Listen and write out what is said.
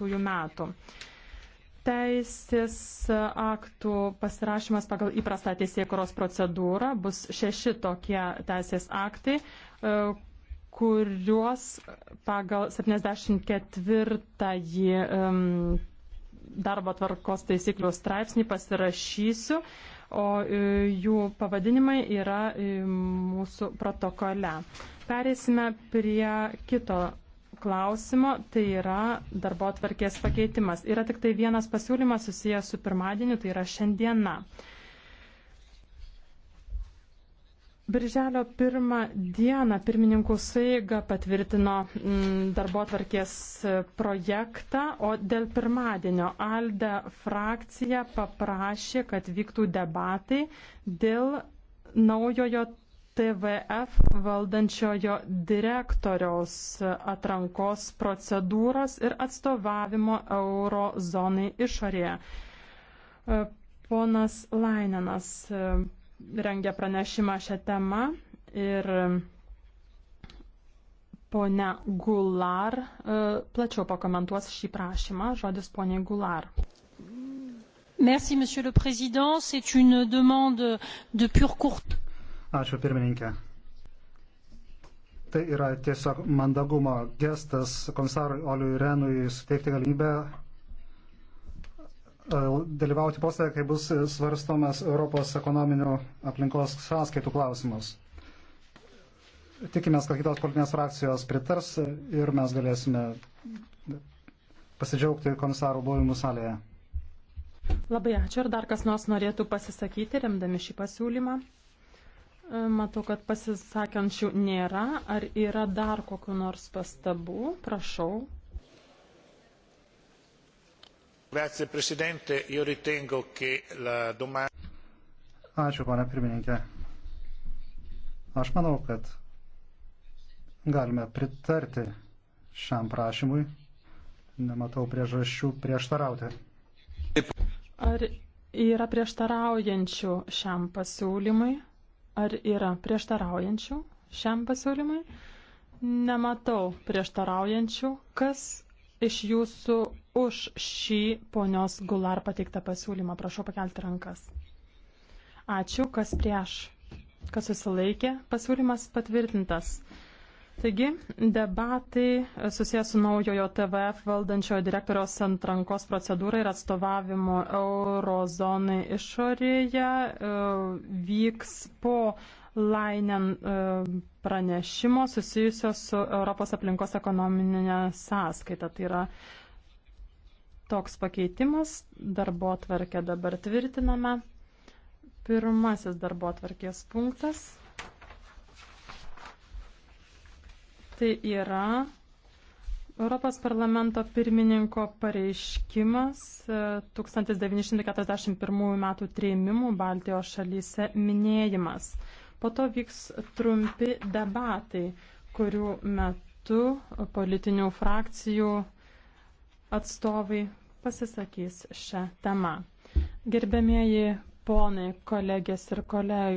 2015 metų. Teisės aktų pasirašymas pagal įprastą teisėkuros procedūrą bus šeši tokie teisės aktai, e, kuriuos pagal 74-ąjį darbo tvarkos taisyklių straipsnį pasirašysiu, o e, jų pavadinimai yra e, mūsų protokole. Perėsime prie kito klausimo, tai yra darbo atvarkės pakeitimas. Yra tik tai vienas pasiūlymas susijęs su pirmadieniu, tai yra šiandiena. Birželio pirmą dieną pirmininkų saiga patvirtino mm, darbo atvarkės projektą, o dėl pirmadienio Alde frakcija paprašė, kad vyktų debatai dėl naujojo TVF valdančiojo direktoriaus atrankos procedūros ir atstovavimo eurozonai išorėje. E, ponas Lainenas e, rengia pranešimą šią temą ir ponia Gular e, plačiau pakomentuos šį prašymą. Žodis ponia Gular. Merci, Monsieur le Président. C'est une demande de pure courte. Ačiū pirmininkė. Tai yra tiesiog mandagumo gestas komisarui Oliui Renui suteikti galimybę e, dalyvauti posėdėje, kai bus svarstomas Europos ekonominių aplinkos sąskaitų klausimus. Tikimės, kad kitos politinės frakcijos pritars ir mes galėsime pasidžiaugti komisarų buvimų salėje. Labai ačiū ir dar kas nors norėtų pasisakyti, remdami šį pasiūlymą. Matau, kad pasisakančių nėra. Ar yra dar kokiu nors pastabų? Prašau. Grazie, Presidente. Io ritengo che la domanda. Ačiū, pane pirmininkė. Aš manau, kad galime pritarti šiam prašymui. Nematau priežasčių prieštarauti. Ar yra prieštaraujančių šiam pasiūlymui? Ar yra prieštaraujančių šiam pasiūlymui? Nematau prieštaraujančių. Kas iš jūsų už šį ponios Gular pateiktą pasiūlymą? Prašau pakelti rankas. Ačiū. Kas prieš? Kas susilaikė? Pasiūlymas patvirtintas. Taigi, debatai e, susijęs su naujojo TVF valdančiojo direktoriaus antrankos procedūrai ir atstovavimu eurozonai išorėje e, vyks po Lainen e, pranešimo susijusio su Europos aplinkos ekonominė sąskaita. Tai yra toks pakeitimas, darbo tvarkę dabar tvirtiname. Pirmasis darbo tvarkės punktas. Tai yra Europos parlamento pirmininko pareiškimas 1941 e, m. trėmimų Baltijos šalyse minėjimas. Po to vyks trumpi debatai, kurių metu politinių frakcijų atstovai pasisakys šią temą. Gerbėmėji ponai, kolegės ir kolegos.